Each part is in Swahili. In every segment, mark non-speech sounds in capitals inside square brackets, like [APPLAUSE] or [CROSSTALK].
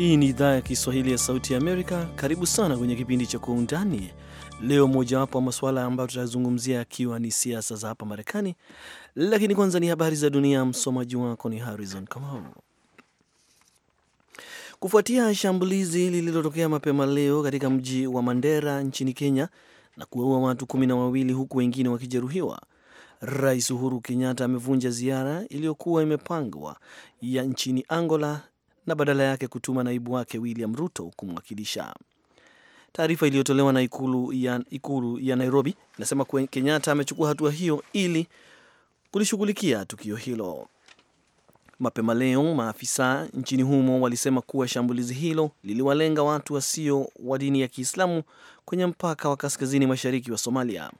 Hii ni idhaa ya Kiswahili ya Sauti ya Amerika. Karibu sana kwenye kipindi cha Kwa Undani. Leo mojawapo wa masuala ambayo tutazungumzia akiwa ni siasa za hapa Marekani, lakini kwanza ni habari za dunia. Msomaji wako ni Harrison Kamau. Kufuatia shambulizi lililotokea mapema leo katika mji wa Mandera nchini Kenya na kuwaua watu kumi na wawili huku wengine wakijeruhiwa, Rais Uhuru Kenyatta amevunja ziara iliyokuwa imepangwa ya nchini Angola na badala yake kutuma naibu wake William Ruto kumwakilisha. Taarifa iliyotolewa na ikulu ya, ikulu ya Nairobi inasema Kenyatta amechukua hatua hiyo ili kulishughulikia tukio hilo. Mapema leo maafisa nchini humo walisema kuwa shambulizi hilo liliwalenga watu wasio wa dini ya Kiislamu kwenye mpaka wa kaskazini mashariki wa Somalia.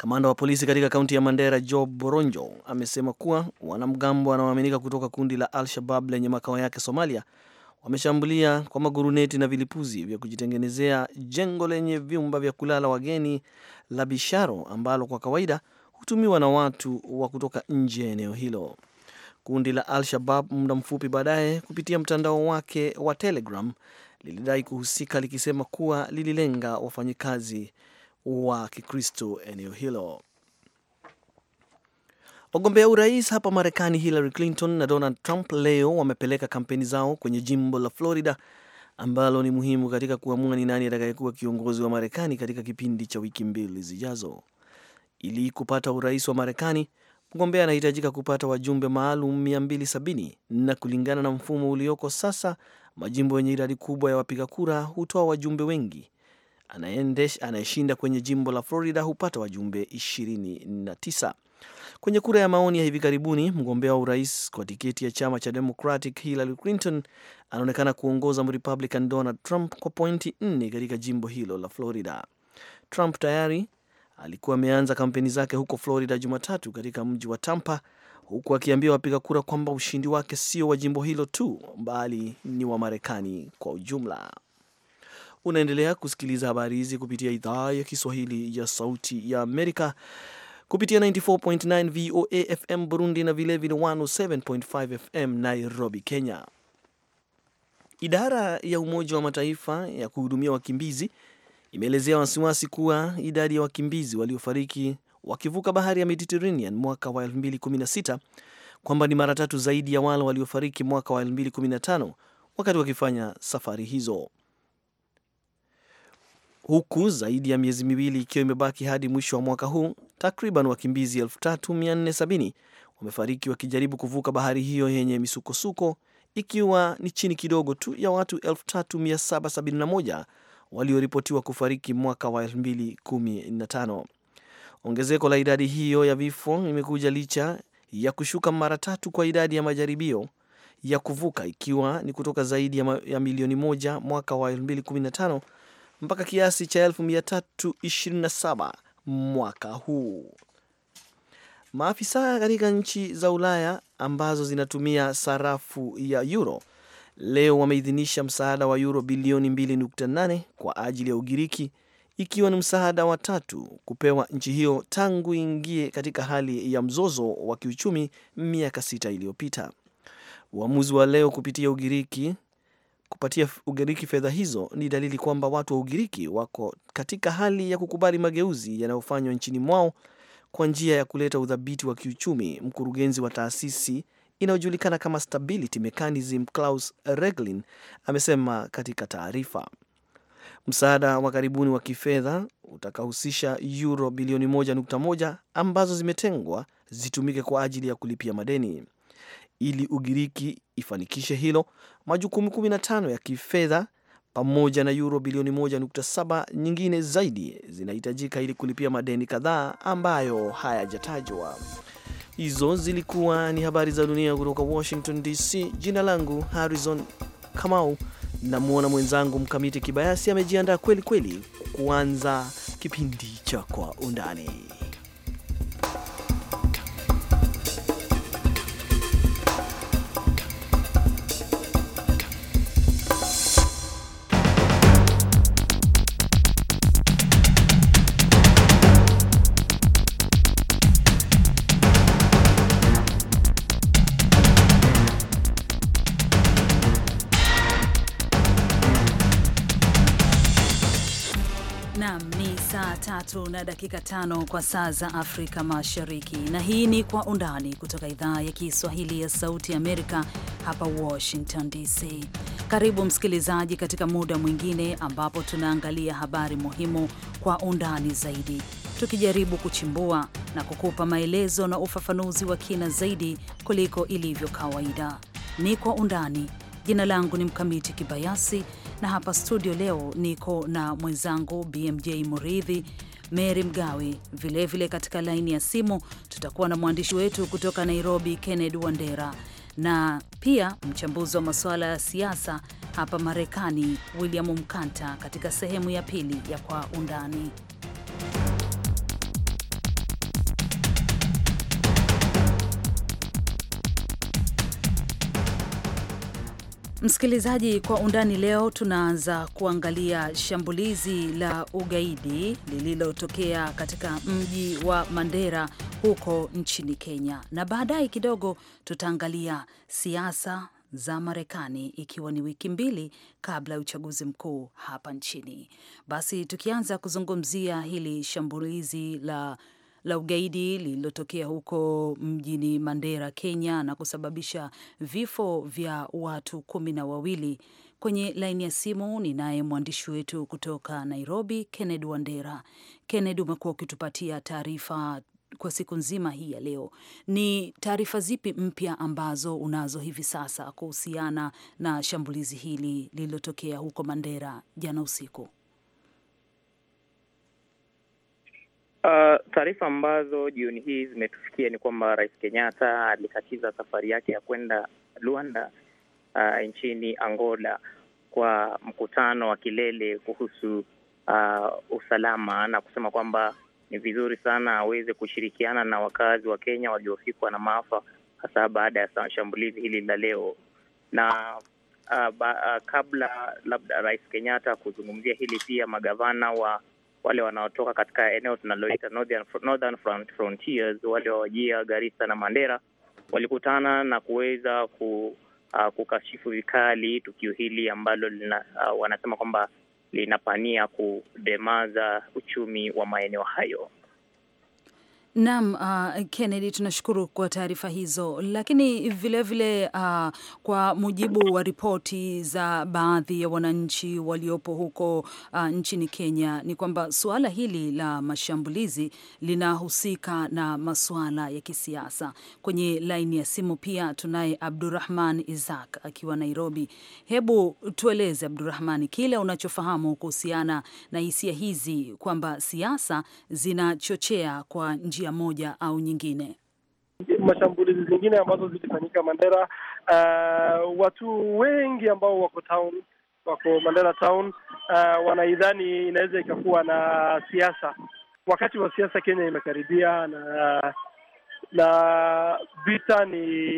Kamanda wa polisi katika kaunti ya Mandera, Job Boronjo, amesema kuwa wanamgambo wanaoaminika kutoka kundi la Al-Shabab lenye makao yake Somalia wameshambulia kwa maguruneti na vilipuzi vya kujitengenezea jengo lenye vyumba vya kulala wageni la Bisharo ambalo kwa kawaida hutumiwa na watu wa kutoka nje ya eneo hilo. Kundi la Al-Shabab muda mfupi baadaye, kupitia mtandao wake wa Telegram, lilidai kuhusika likisema kuwa lililenga wafanyikazi wa Kikristo eneo hilo. Wagombea urais hapa Marekani Hillary Clinton na Donald Trump leo wamepeleka kampeni zao kwenye jimbo la Florida ambalo ni muhimu katika kuamua ni nani atakayekuwa kiongozi wa Marekani katika kipindi cha wiki mbili zijazo. Ili kupata urais wa Marekani, mgombea anahitajika kupata wajumbe maalum 270 na kulingana na mfumo ulioko sasa, majimbo yenye idadi kubwa ya wapiga kura hutoa wajumbe wengi anayeshinda kwenye jimbo la Florida hupata wajumbe 29. Kwenye kura ya maoni ya hivi karibuni, mgombea wa urais kwa tiketi ya chama cha Democratic Hillary Clinton anaonekana kuongoza Mrepublican Donald Trump kwa pointi nne katika jimbo hilo la Florida. Trump tayari alikuwa ameanza kampeni zake huko Florida Jumatatu katika mji wa Tampa, huku akiambia wapiga kura kwamba ushindi wake sio wa jimbo hilo tu, bali ni wa Marekani kwa ujumla. Unaendelea kusikiliza habari hizi kupitia idhaa ya Kiswahili ya Sauti ya Amerika kupitia 94.9 VOA FM Burundi na vilevile 107.5 FM Nairobi, Kenya. Idara ya Umoja wa Mataifa ya kuhudumia wakimbizi imeelezea wasiwasi kuwa idadi ya wakimbizi waliofariki wakivuka bahari ya Mediterranean mwaka wa 2016 kwamba ni mara tatu zaidi ya wale waliofariki mwaka wa 2015 wakati wakifanya safari hizo huku zaidi ya miezi miwili ikiwa imebaki hadi mwisho wa mwaka huu, takriban wakimbizi 3470 wamefariki wakijaribu kuvuka bahari hiyo yenye misukosuko, ikiwa ni chini kidogo tu ya watu 3771 walioripotiwa kufariki mwaka wa 2015. Ongezeko la idadi hiyo ya vifo imekuja licha ya kushuka mara tatu kwa idadi ya majaribio ya kuvuka, ikiwa ni kutoka zaidi ya milioni moja mwaka wa 2015 mpaka kiasi cha 1327 mwaka huu. Maafisa katika nchi za Ulaya ambazo zinatumia sarafu ya euro leo wameidhinisha msaada wa euro bilioni 2.8 kwa ajili ya Ugiriki, ikiwa ni msaada wa tatu kupewa nchi hiyo tangu ingie katika hali ya mzozo wa kiuchumi miaka sita iliyopita. Uamuzi wa leo kupitia Ugiriki Kupatia Ugiriki fedha hizo ni dalili kwamba watu wa Ugiriki wako katika hali ya kukubali mageuzi yanayofanywa nchini mwao kwa njia ya kuleta udhabiti wa kiuchumi. Mkurugenzi wa taasisi inayojulikana kama Stability Mechanism, Klaus Reglin, amesema katika taarifa. Msaada wa karibuni wa kifedha utakahusisha euro bilioni 1.1 ambazo zimetengwa zitumike kwa ajili ya kulipia madeni. Ili Ugiriki ifanikishe hilo, majukumu 15 ya kifedha pamoja na euro bilioni 1.7 nyingine zaidi zinahitajika ili kulipia madeni kadhaa ambayo hayajatajwa. Hizo zilikuwa ni habari za dunia kutoka Washington DC. Jina langu Harrison Kamau. Namwona mwenzangu Mkamiti Kibayasi amejiandaa kweli kweli kuanza kipindi cha Kwa Undani. dakika tano kwa saa za Afrika Mashariki, na hii ni Kwa Undani kutoka idhaa ya Kiswahili ya Sauti Amerika hapa Washington DC. Karibu msikilizaji, katika muda mwingine ambapo tunaangalia habari muhimu kwa undani zaidi, tukijaribu kuchimbua na kukupa maelezo na ufafanuzi wa kina zaidi kuliko ilivyo kawaida. Ni Kwa Undani. Jina langu ni Mkamiti Kibayasi na hapa studio leo niko na mwenzangu BMJ Muridhi Mary Mgawe. Vilevile vile katika laini ya simu tutakuwa na mwandishi wetu kutoka Nairobi, kenned Wandera, na pia mchambuzi wa masuala ya siasa hapa Marekani, William Mkanta, katika sehemu ya pili ya Kwa Undani. Msikilizaji, kwa undani leo tunaanza kuangalia shambulizi la ugaidi lililotokea katika mji wa Mandera huko nchini Kenya, na baadaye kidogo tutaangalia siasa za Marekani ikiwa ni wiki mbili kabla ya uchaguzi mkuu hapa nchini. Basi tukianza kuzungumzia hili shambulizi la la ugaidi lililotokea huko mjini Mandera, Kenya, na kusababisha vifo vya watu kumi na wawili. Kwenye laini ya simu ninaye mwandishi wetu kutoka Nairobi, Kennedy Wandera. Kennedy, umekuwa ukitupatia taarifa kwa siku nzima hii ya leo. Ni taarifa zipi mpya ambazo unazo hivi sasa kuhusiana na shambulizi hili lililotokea huko Mandera jana usiku? Uh, taarifa ambazo jioni hii zimetufikia ni kwamba Rais Kenyatta alikatiza safari yake ya kwenda Luanda, uh, nchini Angola kwa mkutano wa kilele kuhusu uh, usalama na kusema kwamba ni vizuri sana aweze kushirikiana na wakazi wa Kenya waliofikwa na maafa hasa baada ya shambulizi hili la leo na uh, ba, uh, kabla labda Rais Kenyatta kuzungumzia hili pia magavana wa wale wanaotoka katika eneo tunaloita Northern, Northern Front Frontiers, wale wawajia Garissa na Mandera walikutana na kuweza ku, uh, kukashifu vikali tukio hili ambalo lina, uh, wanasema kwamba linapania kudemaza uchumi wa maeneo hayo. Naam, uh, Kennedy, tunashukuru kwa taarifa hizo, lakini vilevile uh, kwa mujibu wa ripoti za baadhi ya wananchi waliopo huko uh, nchini Kenya ni kwamba suala hili la mashambulizi linahusika na masuala ya kisiasa. Kwenye laini ya simu pia tunaye Abdurahman Isaac akiwa Nairobi. Hebu tueleze Abdurahman kile unachofahamu kuhusiana na hisia hizi kwamba siasa zinachochea kwa njia njia moja au nyingine. Mashambulizi zingine ambazo zilifanyika Mandera, uh, watu wengi ambao wako town wako Mandera town uh, wanaidhani inaweza ikakuwa na siasa. Wakati wa siasa Kenya imekaribia na na vita ni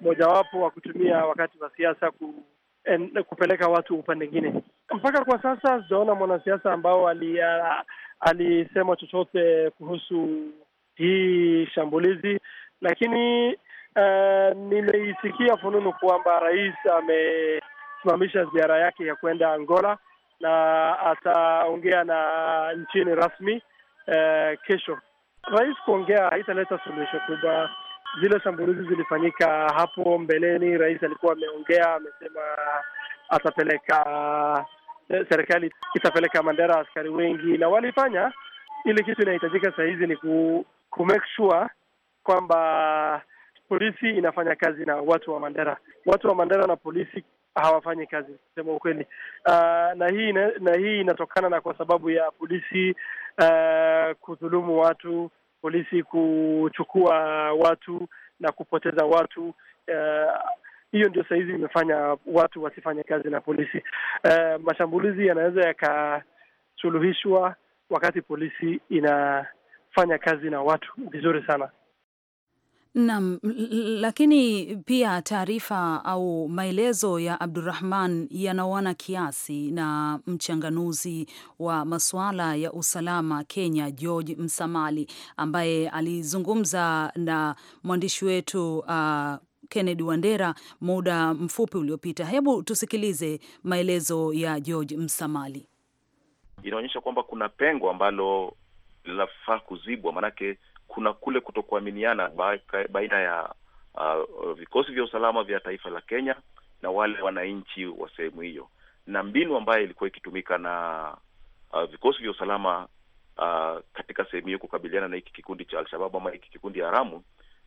mojawapo wa kutumia wakati wa siasa ku, en, kupeleka watu upande mwingine. Mpaka kwa sasa sijaona mwanasiasa ambao alisema ali chochote kuhusu hii shambulizi, lakini uh, nimeisikia fununu kwamba rais amesimamisha ziara yake ya kwenda Angola na ataongea na nchini rasmi uh, kesho. Rais kuongea haitaleta suluhisho kubwa. Zile shambulizi zilifanyika hapo mbeleni, rais alikuwa ameongea, amesema atapeleka eh, serikali itapeleka Mandera askari wengi, na walifanya. Ile kitu inahitajika saa hizi ni ku ku make sure kwamba polisi inafanya kazi na watu wa Mandera. Watu wa Mandera na polisi hawafanyi kazi kusema ukweli. Uh, na hii na hii inatokana na kwa sababu ya polisi uh, kudhulumu watu, polisi kuchukua watu na kupoteza watu. Ah, hiyo uh, ndio sahizi imefanya watu wasifanye kazi na polisi. Uh, mashambulizi yanaweza yakasuluhishwa wakati polisi ina kufanya kazi na watu vizuri sana. Naam, lakini pia taarifa au maelezo ya Abdurrahman yanaoana kiasi na mchanganuzi wa masuala ya usalama Kenya, George Msamali, ambaye alizungumza na mwandishi wetu uh, Kennedy Wandera muda mfupi uliopita. Hebu tusikilize maelezo ya George Msamali. Inaonyesha kwamba kuna pengo ambalo linafaa kuzibwa, maanake kuna kule kutokuaminiana baina ya uh, vikosi vya usalama vya taifa la Kenya na wale wananchi wa sehemu hiyo, na mbinu ambayo ilikuwa ikitumika na uh, vikosi vya usalama uh, katika sehemu hiyo kukabiliana na hiki kikundi cha Alshababu ama hiki kikundi haramu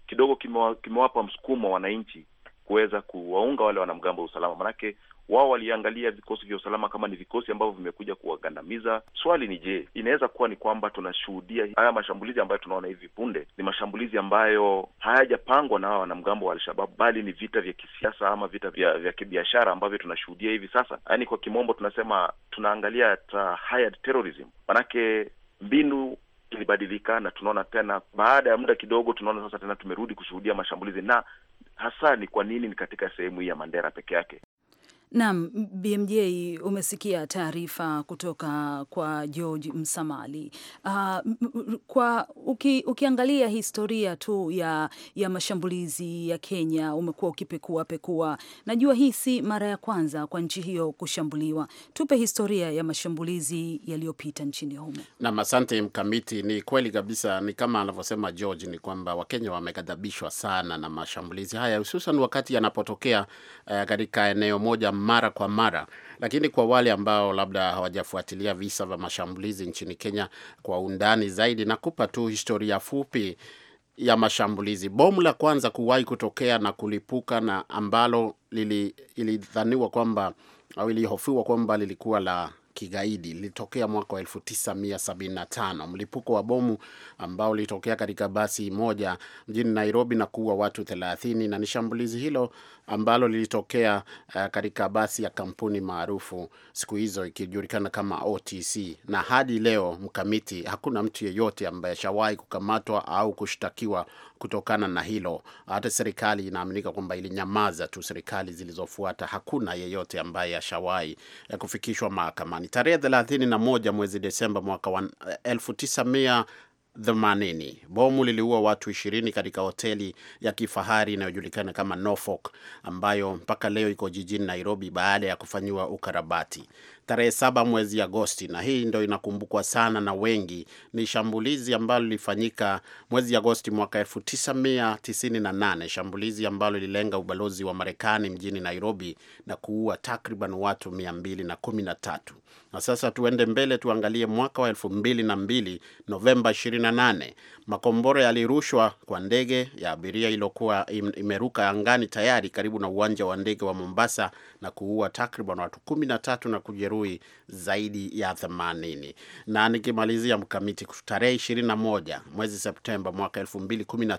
kidogo kimewapa msukumo wa wananchi kuweza kuwaunga wale wanamgambo wa usalama, manake wao waliangalia vikosi vya usalama kama ni vikosi ambavyo vimekuja kuwagandamiza. Swali ni je, inaweza kuwa ni kwamba tunashuhudia haya mashambulizi ambayo tunaona hivi punde ni mashambulizi ambayo hayajapangwa na hawa wanamgambo wa Alshababu, bali ni vita vya kisiasa ama vita vya, vya kibiashara ambavyo tunashuhudia hivi sasa. Yaani kwa kimombo tunasema tunaangalia ta hired terrorism, manake mbinu ilibadilika na tunaona tena, baada ya muda kidogo, tunaona sasa tena tumerudi kushuhudia mashambulizi, na hasa ni kwa nini ni katika sehemu hii ya Mandera peke yake. Naam, BMJ, umesikia taarifa kutoka kwa George Msamali. Uh, kwa uki, ukiangalia historia tu ya, ya mashambulizi ya Kenya umekuwa ukipekua pekua, najua hii si mara ya kwanza kwa nchi hiyo kushambuliwa. Tupe historia ya mashambulizi yaliyopita nchini humo. Naam, asante Mkamiti. Ni kweli kabisa, ni kama anavyosema George, ni kwamba Wakenya wameghadhabishwa sana na mashambulizi haya, hususan wakati yanapotokea uh, katika eneo moja mara kwa mara, lakini kwa wale ambao labda hawajafuatilia visa vya mashambulizi nchini Kenya kwa undani zaidi, nakupa tu historia fupi ya mashambulizi. Bomu la kwanza kuwahi kutokea na kulipuka na ambalo lilidhaniwa kwamba au ilihofiwa kwamba lilikuwa la kigaidi lilitokea mwaka wa 1975. Mlipuko wa bomu ambao ulitokea katika basi moja mjini Nairobi na kuua watu 30, na ni shambulizi hilo ambalo lilitokea uh, katika basi ya kampuni maarufu siku hizo ikijulikana kama OTC, na hadi leo mkamiti, hakuna mtu yeyote ambaye shawahi kukamatwa au kushtakiwa kutokana na hilo. Hata serikali inaaminika kwamba ilinyamaza tu, serikali zilizofuata, hakuna yeyote ambaye ashawahi eh, kufikishwa mahakamani. Marekani tarehe 31 mwezi Desemba mwaka wa 1980. Eh, Bomu liliua watu 20 katika hoteli ya kifahari inayojulikana kama Norfolk ambayo mpaka leo iko jijini Nairobi baada ya kufanyiwa ukarabati tarehe saba mwezi Agosti, na hii ndo inakumbukwa sana na wengi. Ni shambulizi ambalo lilifanyika mwezi Agosti mwaka nane, shambulizi ambalo lililenga ubalozi wa Marekani mjini Nairobi na kuua takriban watu 213. Na sasa tuende mbele, tuangalie mwaka wa mbili, Novemba 28, makombora yalirushwa kwa ndege ya abiria iliyokuwa imeruka angani tayari karibu na uwanja wa ndege wa Mombasa na kuua takriban watu 13 na kujeruhi majeruhi zaidi ya 80. Na nikimalizia mkamiti, tarehe 21 mwezi Septemba mwaka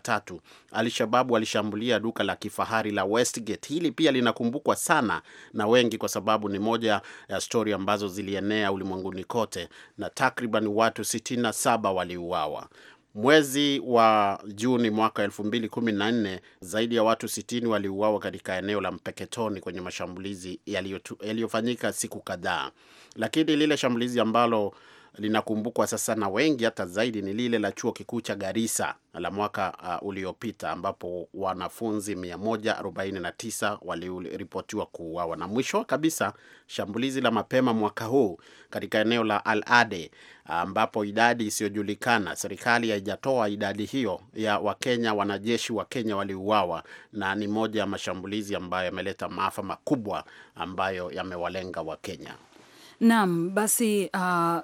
tatu Alshababu walishambulia duka la kifahari la Westgate. Hili pia linakumbukwa sana na wengi kwa sababu ni moja ya stori ambazo zilienea ulimwenguni kote na takriban watu 67 waliuawa. Mwezi wa Juni mwaka nne zaidi ya watu 60 waliuawa katika eneo la Mpeketoni kwenye mashambulizi yaliyofanyika siku kadhaa, lakini lile shambulizi ambalo linakumbukwa sasa na wengi hata zaidi ni lile la chuo kikuu cha Garissa la mwaka uh, uliopita ambapo wanafunzi 149 waliripotiwa kuuawa. Na mwisho kabisa shambulizi la mapema mwaka huu katika eneo la Al Ade ambapo idadi isiyojulikana, serikali haijatoa idadi hiyo ya Wakenya, wanajeshi wa Kenya waliuawa, na ni moja ya mashambulizi ambayo yameleta maafa makubwa ambayo yamewalenga Wakenya. Naam, basi uh,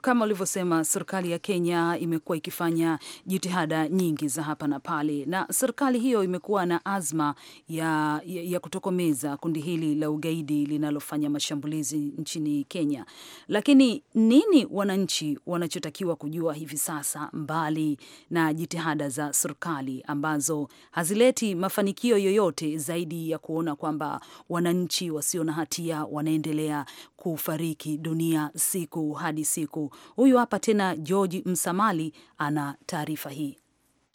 kama ulivyosema, serikali ya Kenya imekuwa ikifanya jitihada nyingi za hapa na pale, na serikali hiyo imekuwa na azma ya, ya, ya kutokomeza kundi hili la ugaidi linalofanya mashambulizi nchini Kenya. Lakini nini wananchi wanachotakiwa kujua hivi sasa, mbali na jitihada za serikali ambazo hazileti mafanikio yoyote zaidi ya kuona kwamba wananchi wasio na hatia wanaendelea kufariki dunia siku hadi siku. Huyu hapa tena George Msamali ana taarifa hii.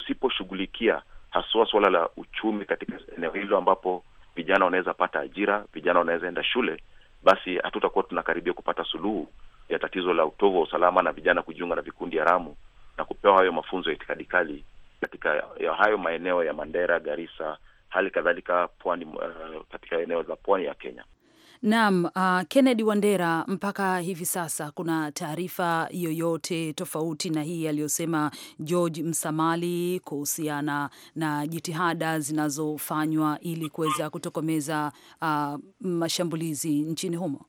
Usiposhughulikia haswa suala la uchumi katika eneo hilo ambapo vijana wanaweza pata ajira, vijana wanaweza enda shule, basi hatutakuwa tunakaribia kupata suluhu ya tatizo la utovu wa usalama na vijana kujiunga na vikundi haramu na kupewa hayo mafunzo ya itikadi kali katika ya hayo maeneo ya Mandera, Garissa, hali kadhalika pwani, uh, katika eneo la pwani ya Kenya. Naam, uh, Kennedy Wandera, mpaka hivi sasa kuna taarifa yoyote tofauti na hii aliyosema George Msamali kuhusiana na jitihada zinazofanywa ili kuweza kutokomeza uh, mashambulizi nchini humo?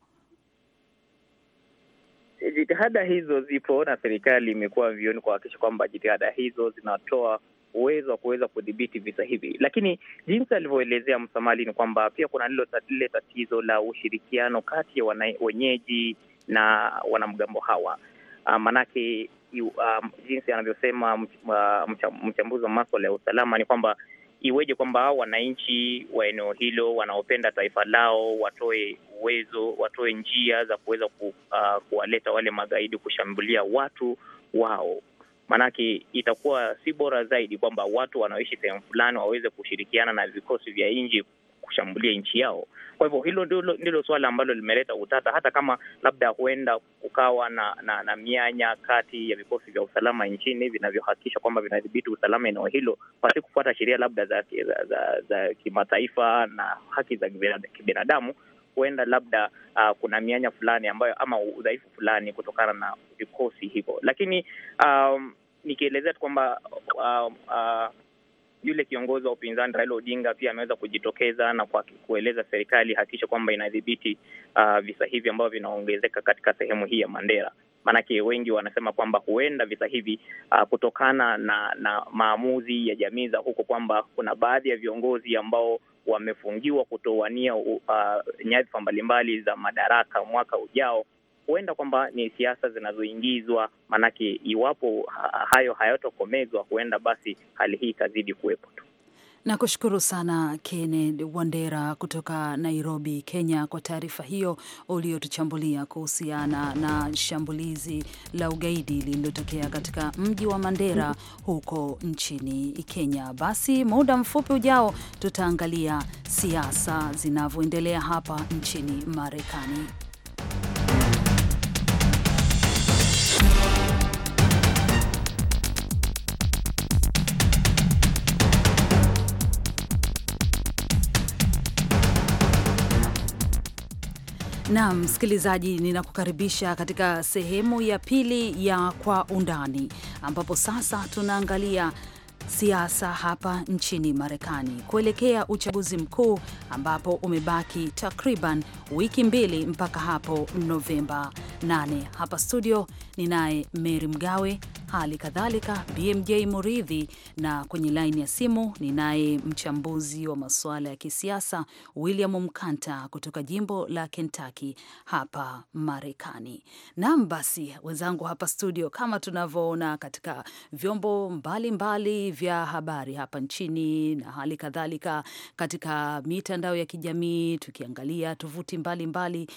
Jitihada hizo zipo na serikali imekuwa vioni kuhakikisha kwamba jitihada hizo zinatoa uwezo wa kuweza kudhibiti visa hivi. Lakini jinsi alivyoelezea Msamali ni kwamba pia kuna lile tatizo la ushirikiano kati ya wenyeji na wanamgambo hawa, ah, maanake um, jinsi anavyosema mchambuzi wa maswala ya usalama ni kwamba iweje kwamba wananchi wa eneo hilo wanaopenda taifa lao watoe uwezo, watoe njia za kuweza ku, uh, kuwaleta wale magaidi kushambulia watu wao maanake itakuwa si bora zaidi kwamba watu wanaoishi sehemu fulani waweze kushirikiana na vikosi vya nji kushambulia nchi yao. Kwa hivyo hilo ndilo, ndilo suala ambalo limeleta utata, hata kama labda huenda kukawa na, na, na mianya kati ya vikosi vya usalama nchini vinavyohakikisha kwamba vinadhibiti usalama eneo hilo pasi kufuata sheria labda za, za, za, za kimataifa na haki za kibinadamu huenda labda uh, kuna mianya fulani ambayo ama udhaifu fulani kutokana na vikosi hivyo, lakini um, nikielezea tu kwamba uh, uh, yule kiongozi wa upinzani Raila Odinga pia ameweza kujitokeza na kwa kueleza serikali hakikisha kwamba inadhibiti uh, visa hivi ambavyo vinaongezeka katika sehemu hii ya Mandera. Maanake wengi wanasema kwamba huenda visa hivi uh, kutokana na na maamuzi ya jamii za huko, kwamba kuna baadhi ya viongozi ambao wamefungiwa kutowania uh, nyadhifa mbalimbali za madaraka mwaka ujao, huenda kwamba ni siasa zinazoingizwa, maanake iwapo hayo hayatokomezwa, huenda basi hali hii ikazidi kuwepo tu. Nakushukuru sana Kenneth Wandera kutoka Nairobi, Kenya, kwa taarifa hiyo uliotuchambulia kuhusiana na shambulizi la ugaidi lililotokea katika mji wa Mandera huko nchini Kenya. Basi muda mfupi ujao tutaangalia siasa zinavyoendelea hapa nchini Marekani. Naam, msikilizaji, ninakukaribisha katika sehemu ya pili ya Kwa Undani, ambapo sasa tunaangalia siasa hapa nchini Marekani kuelekea uchaguzi mkuu ambapo umebaki takriban wiki mbili mpaka hapo Novemba 8. Hapa studio ninaye Mary Mgawe hali kadhalika BMJ Muridhi, na kwenye laini ya simu ninaye mchambuzi wa masuala ya kisiasa William Mkanta kutoka jimbo la Kentucky hapa Marekani. Naam, basi wenzangu hapa studio, kama tunavyoona katika vyombo mbalimbali mbali vya habari hapa nchini na hali kadhalika katika mitandao ya kijamii, tukiangalia tovuti mbalimbali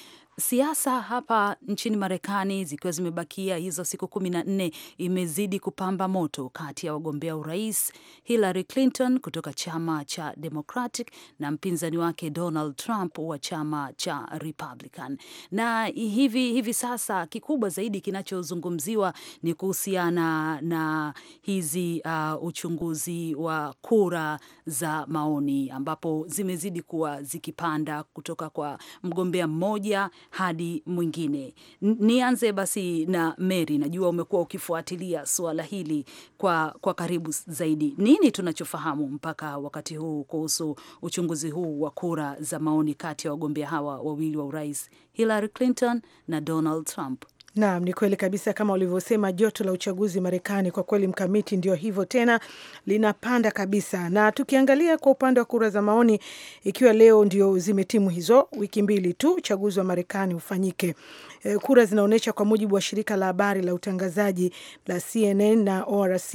Siasa hapa nchini Marekani zikiwa zimebakia hizo siku kumi na nne, imezidi kupamba moto kati ya wagombea urais Hillary Clinton kutoka chama cha Democratic na mpinzani wake Donald Trump wa chama cha Republican. Na hivi, hivi sasa kikubwa zaidi kinachozungumziwa ni kuhusiana na hizi uh, uchunguzi wa kura za maoni ambapo zimezidi kuwa zikipanda kutoka kwa mgombea mmoja hadi mwingine. Nianze basi na Mary, najua umekuwa ukifuatilia suala hili kwa, kwa karibu zaidi. Nini tunachofahamu mpaka wakati huu kuhusu uchunguzi huu wa kura za maoni kati ya wagombea hawa wawili wa urais Hillary Clinton na Donald Trump? Naam, ni kweli kabisa kama ulivyosema, joto la uchaguzi Marekani kwa kweli mkamiti ndio hivyo tena, linapanda kabisa. Na tukiangalia kwa upande wa kura za maoni, ikiwa leo ndio zimetimu hizo wiki mbili tu uchaguzi wa Marekani ufanyike, e, kura zinaonyesha kwa mujibu wa shirika la habari la utangazaji la CNN na ORC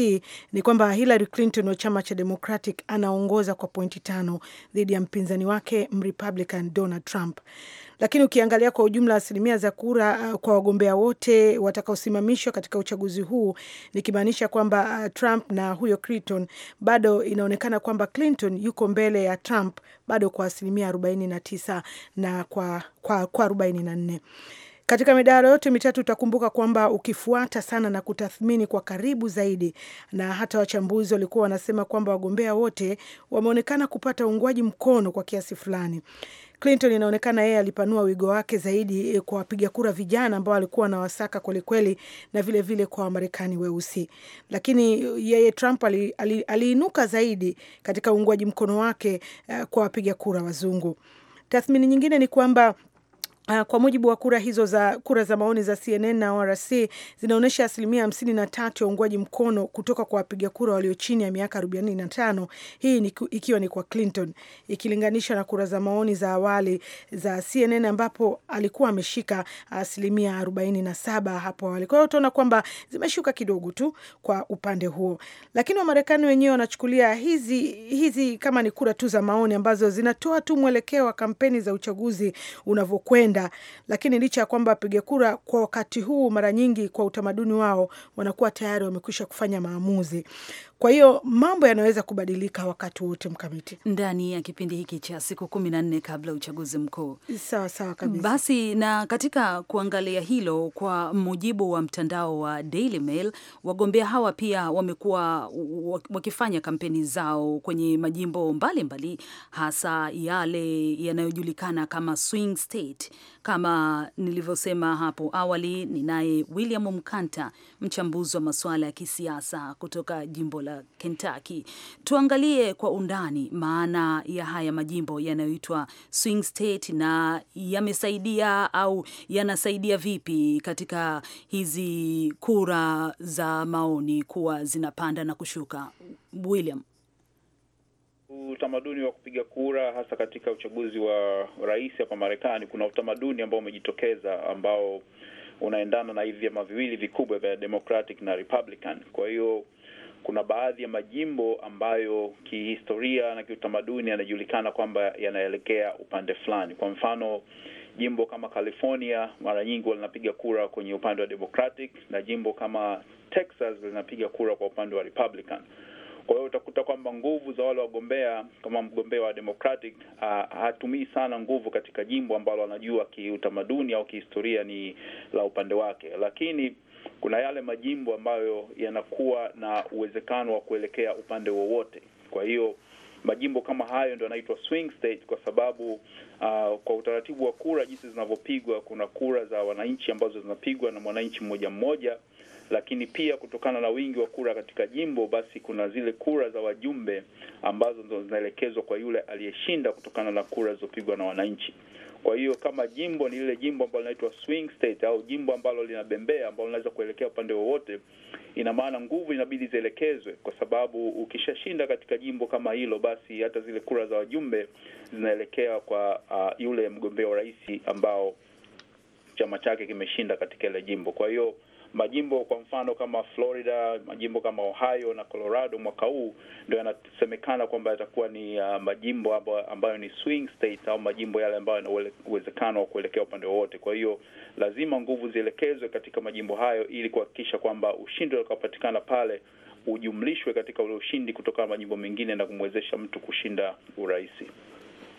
ni kwamba Hillary Clinton wa chama cha Democratic anaongoza kwa pointi tano dhidi ya mpinzani wake Mrepublican Donald Trump. Lakini ukiangalia kwa ujumla, asilimia za kura uh, kwa wagombea wote watakaosimamishwa katika uchaguzi huu, nikimaanisha kwamba uh, Trump na huyo Clinton, bado inaonekana kwamba Clinton yuko mbele ya Trump bado kwa asilimia 49 na kwa, kwa, kwa 44 katika midahalo yote mitatu utakumbuka kwamba ukifuata sana na kutathmini kwa karibu zaidi, na hata wachambuzi walikuwa wanasema kwamba wagombea wote wameonekana kupata uungwaji mkono kwa kiasi fulani. Clinton inaonekana yeye alipanua wigo wake zaidi eh, kwa wapiga kura vijana ambao alikuwa na wasaka kwelikweli, na vilevile vile kwa Wamarekani weusi, lakini eh, yeye Trump aliinuka ali, ali zaidi katika uungwaji mkono wake uh, kwa wapiga kura wazungu. Tathmini nyingine ni kwamba Ah, kwa mujibu wa kura hizo za kura za maoni za CNN na ORC zinaonyesha asilimia hamsini na tatu ya uungwaji mkono kutoka kwa wapiga kura walio chini ya miaka arobaini na tano, hii ni, ikiwa ni kwa Clinton ikilinganisha na kura za maoni za awali za CNN ambapo alikuwa ameshika asilimia arobaini na saba hapo awali. Kwa hiyo utaona kwamba zimeshuka kidogo tu kwa upande huo, lakini Wamarekani wenyewe wanachukulia hizi, hizi kama ni kura tu za maoni ambazo zinatoa tu mwelekeo wa kampeni za uchaguzi unavyokwenda huenda. Lakini licha ya kwamba wapiga kura kwa wakati huu mara nyingi kwa utamaduni wao wanakuwa tayari wamekwisha kufanya maamuzi. Kwa hiyo mambo yanaweza kubadilika wakati wote, Mkamiti, ndani ya kipindi hiki cha siku kumi na nne kabla ya uchaguzi mkuu. Sawa sawa kabisa. Basi, na katika kuangalia hilo, kwa mujibu wa mtandao wa Daily Mail, wagombea hawa pia wamekuwa wakifanya kampeni zao kwenye majimbo mbalimbali mbali, hasa yale yanayojulikana kama swing state. Kama nilivyosema hapo awali, ninaye William Mkanta, mchambuzi wa masuala ya kisiasa kutoka jimbo la Kentucky. Tuangalie kwa undani maana ya haya majimbo yanayoitwa swing state na yamesaidia au yanasaidia vipi katika hizi kura za maoni kuwa zinapanda na kushuka, William? Utamaduni wa kupiga kura hasa katika uchaguzi wa rais hapa Marekani, kuna utamaduni ambao umejitokeza ambao unaendana na hivi vyama viwili vikubwa vya Democratic na Republican. Kwa hiyo kuna baadhi ya majimbo ambayo kihistoria na kiutamaduni yanajulikana kwamba yanaelekea upande fulani. Kwa mfano, jimbo kama California mara nyingi linapiga kura kwenye upande wa Democratic na jimbo kama Texas linapiga kura kwa upande wa Republican. Kwa hiyo utakuta kwamba nguvu za wale wagombea kama mgombea wa Democratic uh, hatumii sana nguvu katika jimbo ambalo anajua kiutamaduni au kihistoria ni la upande wake, lakini kuna yale majimbo ambayo yanakuwa na uwezekano wa kuelekea upande wowote. Kwa hiyo majimbo kama hayo ndo yanaitwa swing state, kwa sababu uh, kwa utaratibu wa kura jinsi zinavyopigwa, kuna kura za wananchi ambazo zinapigwa na mwananchi mmoja mmoja, lakini pia kutokana na wingi wa kura katika jimbo, basi kuna zile kura za wajumbe ambazo ndo zinaelekezwa kwa yule aliyeshinda kutokana na kura zilizopigwa na wananchi. Kwa hiyo kama jimbo ni lile jimbo ambalo linaitwa swing state au jimbo ambalo linabembea ambalo linaweza kuelekea upande wowote, ina maana nguvu inabidi zielekezwe, kwa sababu ukishashinda katika jimbo kama hilo, basi hata zile kura za wajumbe zinaelekea kwa uh, yule mgombea urais ambao chama chake kimeshinda katika ile jimbo. Kwa hiyo majimbo kwa mfano kama Florida, majimbo kama Ohio na Colorado mwaka huu ndio yanasemekana kwamba yatakuwa ni uh, majimbo ambayo, ni swing state au majimbo yale ambayo yana uwezekano wa kuelekea upande wowote. Kwa hiyo lazima nguvu zielekezwe katika majimbo hayo ili kuhakikisha kwamba ushindi utakaopatikana pale ujumlishwe katika ule ushindi kutoka majimbo mengine na kumwezesha mtu kushinda urais.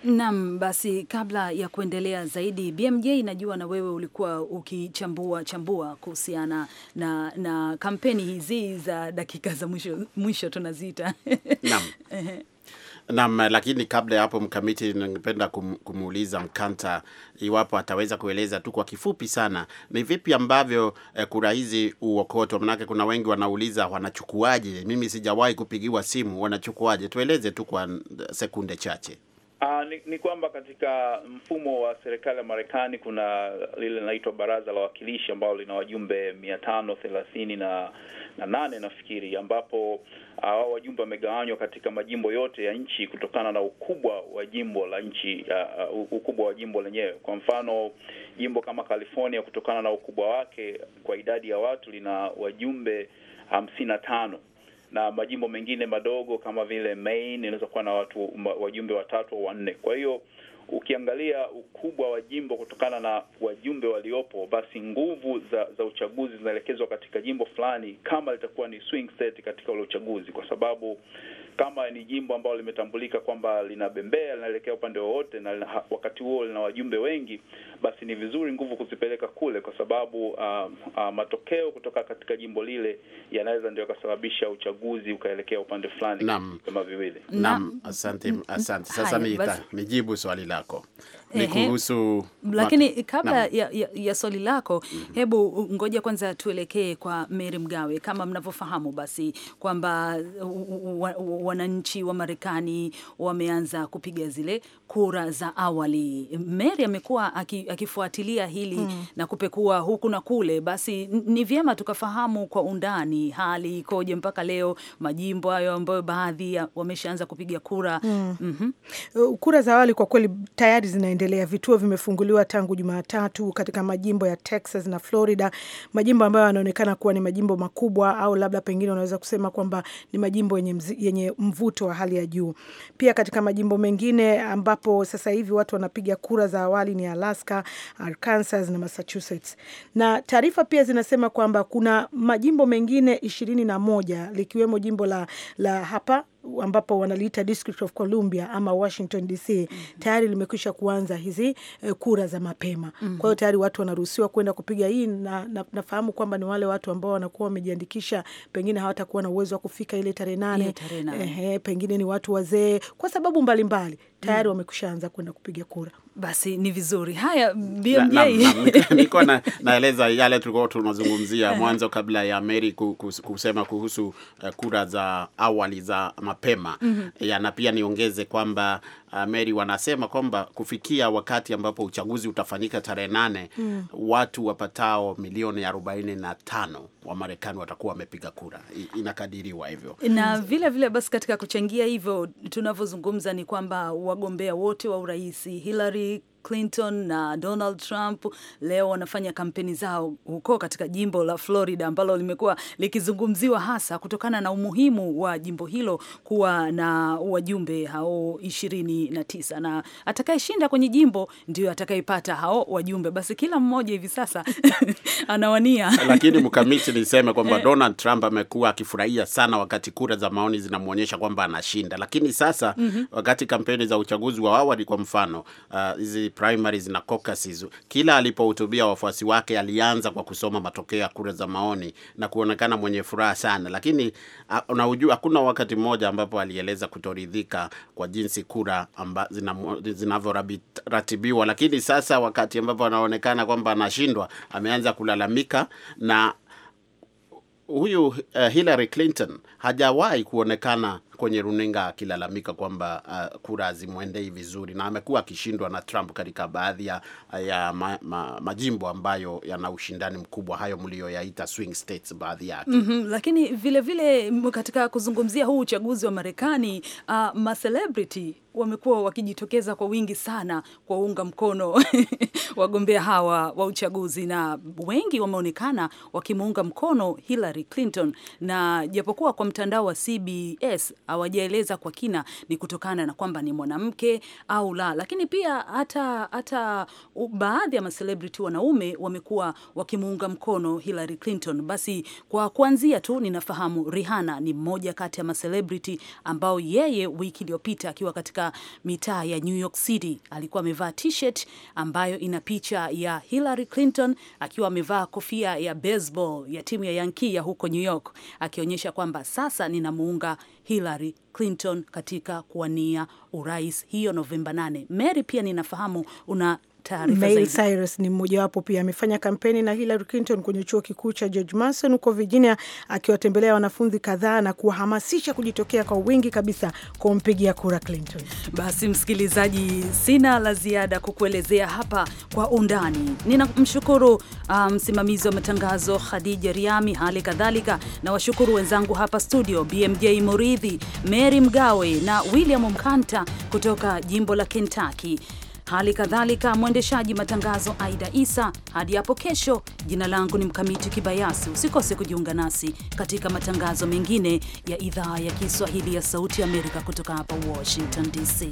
Naam, basi kabla ya kuendelea zaidi, BMJ, najua na wewe ulikuwa ukichambua chambua kuhusiana na, na kampeni hizi za dakika za mwisho, mwisho tunaziita [LAUGHS] naam. Naam, lakini kabla ya hapo Mkamiti, ningependa kumuuliza Mkanta iwapo ataweza kueleza tu kwa kifupi sana ni vipi ambavyo eh, kura hizi uokoto, manake kuna wengi wanauliza wanachukuaje. Mimi sijawahi kupigiwa simu, wanachukuaje? Tueleze tu kwa eh, sekunde chache. Aa, ah, ni, ni kwamba katika mfumo wa serikali ya Marekani kuna lile linaitwa baraza la wawakilishi ambalo lina wajumbe mia tano thelathini na na nane nafikiri, ambapo ah, hao wajumbe wamegawanywa katika majimbo yote ya nchi kutokana na ukubwa wa jimbo la nchi, uh, ukubwa wa jimbo lenyewe. Kwa mfano, jimbo kama California kutokana na ukubwa wake kwa idadi ya watu lina wajumbe hamsini na tano na majimbo mengine madogo kama vile Maine inaweza kuwa na watu wajumbe watatu au wanne. Kwa hiyo ukiangalia ukubwa wa jimbo kutokana na wajumbe waliopo, basi nguvu za, za uchaguzi zinaelekezwa katika jimbo fulani, kama litakuwa ni swing state katika ule uchaguzi, kwa sababu kama ni jimbo ambalo limetambulika kwamba linabembea, linaelekea upande wowote, na wakati huo lina wajumbe wengi, basi ni vizuri nguvu kuzipeleka kule, kwa sababu uh, uh, matokeo kutoka katika jimbo lile yanaweza ndio yakasababisha uchaguzi ukaelekea upande fulani kama viwili. Naam, asante, mm-hmm. asante. Sasa mijibu swali lako ni kuhusu lakini kabla ya, ya, ya swali lako mm -hmm. Hebu ngoja kwanza tuelekee kwa Mary Mgawe. Kama mnavyofahamu basi kwamba wananchi wa Marekani wameanza kupiga zile kura za awali. Mary amekuwa akifuatilia hili mm. na kupekua huku na kule, basi ni vyema tukafahamu kwa undani hali ikoje mpaka leo, majimbo hayo ambayo baadhi wameshaanza kupiga kura mm. Mm -hmm. Mhm. Kura za awali kwa kweli tayari zinaendelea kuendelea. Vituo vimefunguliwa tangu Jumatatu katika majimbo ya Texas na Florida, majimbo ambayo yanaonekana kuwa ni majimbo makubwa, au labda pengine unaweza kusema kwamba ni majimbo yenye, yenye mvuto wa hali ya juu. Pia katika majimbo mengine ambapo sasa hivi watu wanapiga kura za awali ni Alaska, Arkansas na Massachusetts. Na taarifa pia zinasema kwamba kuna majimbo mengine ishirini na moja likiwemo jimbo la, la hapa ambapo wanaliita District of Columbia ama Washington DC mm -hmm. tayari limekwisha kuanza hizi e, kura za mapema mm -hmm. kwa hiyo tayari watu wanaruhusiwa kwenda kupiga hii na, na, nafahamu kwamba ni wale watu ambao wanakuwa wamejiandikisha, pengine hawatakuwa na uwezo wa kufika ile tarehe nane eh, pengine ni watu wazee, kwa sababu mbalimbali mbali. tayari mm -hmm. wamekushaanza kwenda kupiga kura. Basi ni vizuri. Haya, nilikuwa na, na, naeleza yale tulikuwa tunazungumzia eh. mwanzo kabla ya Mary kusema kuhusu eh, kura za awali za mapema mm -hmm. ya, na pia niongeze kwamba Ah, Mary, wanasema kwamba kufikia wakati ambapo uchaguzi utafanyika tarehe nane mm. watu wapatao milioni arobaini na tano wa Marekani watakuwa wamepiga kura, inakadiriwa hivyo. Na vile vile basi, katika kuchangia hivyo tunavyozungumza, ni kwamba wagombea wote wa urais Hillary Clinton na Donald Trump leo wanafanya kampeni zao huko katika jimbo la Florida ambalo limekuwa likizungumziwa hasa kutokana na umuhimu wa jimbo hilo kuwa na wajumbe hao ishirini na tisa na atakayeshinda kwenye jimbo ndio atakayepata hao wajumbe. Basi kila mmoja hivi sasa [LAUGHS] anawania lakini mkamiti, niseme kwamba [LAUGHS] Donald Trump amekuwa akifurahia sana wakati kura za maoni zinamwonyesha kwamba anashinda, lakini sasa mm -hmm. wakati kampeni za uchaguzi wa awali kwa mfano uh, hizi uh, primaries na caucuses, kila alipohutubia wafuasi wake alianza kwa kusoma matokeo ya kura za maoni na kuonekana mwenye furaha sana, lakini unajua, hakuna wakati mmoja ambapo alieleza kutoridhika kwa jinsi kura zinavyoratibiwa zina. Lakini sasa wakati ambapo anaonekana kwamba anashindwa, ameanza kulalamika na huyu uh, Hillary Clinton hajawahi kuonekana kwenye runinga akilalamika kwamba uh, kura hazimwendei vizuri, na amekuwa akishindwa na Trump katika baadhi ya, ya ma, ma, majimbo ambayo yana ushindani mkubwa, hayo mliyoyaita swing states baadhi yake. mm -hmm, lakini vilevile vile katika kuzungumzia huu uchaguzi wa Marekani uh, macelebrity wamekuwa wakijitokeza kwa wingi sana kuwaunga mkono [LAUGHS] wagombea hawa wa uchaguzi, na wengi wameonekana wakimuunga mkono Hillary Clinton, na japokuwa kwa mtandao wa CBS hawajaeleza kwa kina ni kutokana na kwamba ni mwanamke au la, lakini pia hata hata baadhi ya macelebrity wanaume wamekuwa wakimuunga mkono Hillary Clinton. Basi kwa kuanzia tu, ninafahamu Rihanna ni mmoja kati ya macelebrity ambao yeye wiki iliyopita akiwa katika mitaa ya New York City alikuwa amevaa t-shirt ambayo ina picha ya Hillary Clinton akiwa amevaa kofia ya baseball ya timu ya Yankee ya huko New York akionyesha kwamba sasa ninamuunga Hillary Clinton katika kuwania urais hiyo Novemba 8. Mary, pia ninafahamu una taarifa Cyrus ni mmojawapo pia, amefanya kampeni na Hillary Clinton kwenye chuo kikuu cha George Mason huko Virginia, akiwatembelea wanafunzi kadhaa na kuwahamasisha kujitokea kwa wingi kabisa kumpigia kura Clinton. Basi msikilizaji, sina la ziada kukuelezea hapa kwa undani. Ninamshukuru uh, msimamizi um, wa matangazo Khadija Riami, hali kadhalika na washukuru wenzangu hapa studio BMJ Muridhi, Mary Mgawe na William Mkanta kutoka jimbo la Kentucky hali kadhalika mwendeshaji matangazo Aida Isa. Hadi hapo kesho, jina langu ni Mkamiti Kibayasi. Usikose kujiunga nasi katika matangazo mengine ya idhaa ya Kiswahili ya Sauti ya Amerika kutoka hapa Washington DC.